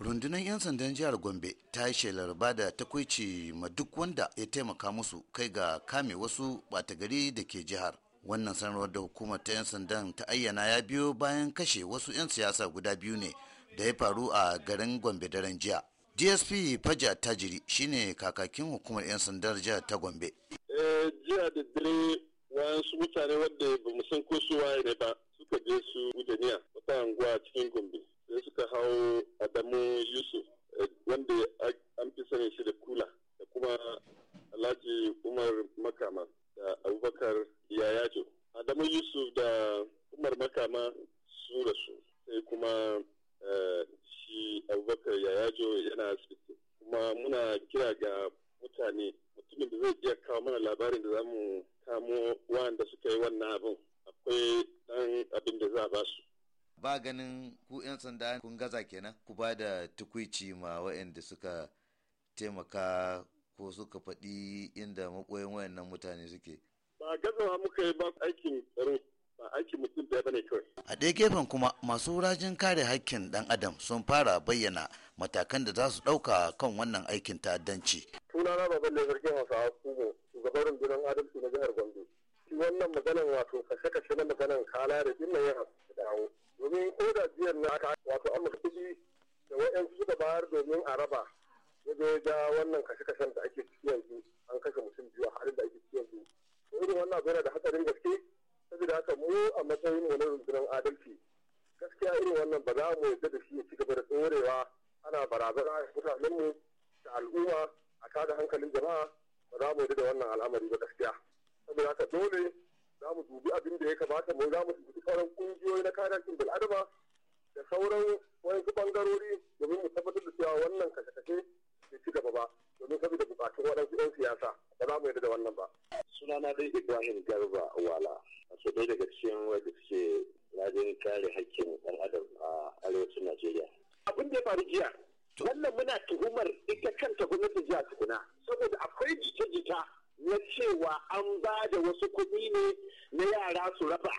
rundunar 'yan sandan jihar gombe ta yi shelar da takwaici ma duk wanda ya taimaka musu kai ga kame wasu bata gari da ke jihar wannan sanarwar da hukumar ta 'yan sandan ta ayyana ya biyo bayan kashe wasu 'yan siyasa guda biyu ne da ya faru a garin gombe daren jiya dsp faja tajiri shine kakakin hukumar 'yan sandar jihar ta gombe eh, jiya da dare wasu mutane wanda ba mu san ko su waye ne ba an fi sanin shi da kula da kuma alhaji umar makama da abubakar yayajo adamu yusuf da umar makama su da sai kuma eh, shi abubakar yayajo yana asibiti kuma muna kira ga mutane mutumin da zai iya kawo mana labarin da za mu kamo wanda suka yi wannan abin akwai dan abin da za a basu ba ganin ku 'yan sanda kun gaza kenan ku ba da tukuici ma waɗanda suka taimaka ko suka faɗi inda makoyin wayannan mutane suke ba gazawa muka yi ba aikin tsaro ba aikin mutum da bane kawai a ɗaya gefen kuma masu rajin kare haƙƙin ɗan adam sun fara bayyana matakan da za su ɗauka kan wannan aikin ta'addanci sunana baban da zargin hausawa kubo shugaban gidan adalci na jihar gombe wannan maganan wato kashe-kashe na maganan kala da jinnayin domin ko da jiyar na aka wato allah kuɗi da wa'yansu suka bayar domin a raba ya zo ya wannan kashe-kashen da ake ciki yanzu an kashe mutum biyu a halin da ake ciki yanzu to irin wannan abu yana da hatsarin gaske saboda haka mu a matsayin mu na rundunar adalci gaskiya irin wannan ba za mu yarda da shi ya ci gaba da tsorewa ana barazana a mutanenmu da al'umma a kada hankalin jama'a ba za mu yarda da wannan al'amari ba gaskiya saboda haka dole za mu dubi abin da ya kamata mu za mu dubi sauran kungiyoyi na kare hakkin bil'adama da sauran wani bangarori domin mu tabbatar da cewa wannan kashe-kashe bai ci gaba ba domin saboda bukatun waɗansu 'yan siyasa ba za mu yarda da wannan ba. sunana dai ibrahim garba wala so dai daga cikin wanda suke rajin kare hakkin ɗan adam a arewacin najeriya. abin da ya faru jiya wannan muna tuhumar ita kanta gwamnatin jiya tukuna saboda akwai jita-jita na cewa an ba da wasu kuɗi ne na yara su raba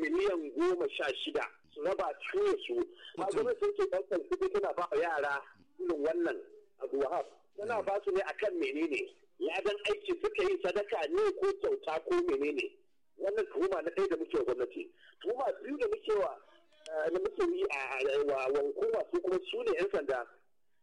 miliyan goma sha shida su raba cikin su a sun ce ɗaukar kuɗi tana ba wa yara irin wannan abu wahab tana mm. ba su ne a kan menene ladan aiki suka yi sadaka ne ko kyauta ko menene wannan tuhuma na ɗaya da muke wa gwamnati tuhuma biyu da muke wa eh, da muke yi a wankowa su kuma su ne 'yan sanda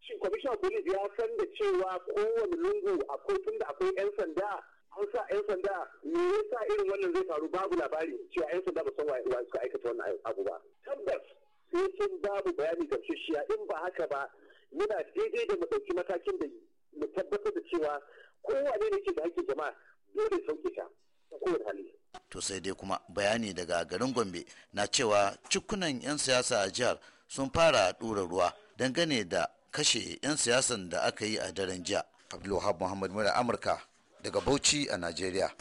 shin kwamishinan polis ya san da cewa kowane lungu akwai tun da akwai 'yan sanda an sa 'yan sanda me yasa irin wannan zai faru babu labari cewa 'yan sanda ba san wa suka aikata wannan abu ba tabbas sai sun babu bayani ga gamsasshiya in ba haka ba yana daidai da mu ɗauki matakin da mu tabbatar da cewa kowane ne ke da hakkin jama'a dole sauke ta kowane hali to sai dai kuma bayani daga garin gombe na cewa cikunan 'yan siyasa a jihar sun fara ɗora ruwa dangane da kashe 'yan siyasan da aka yi a daren jiya abdulwahab muhammad mura amurka daga bauchi a najeriya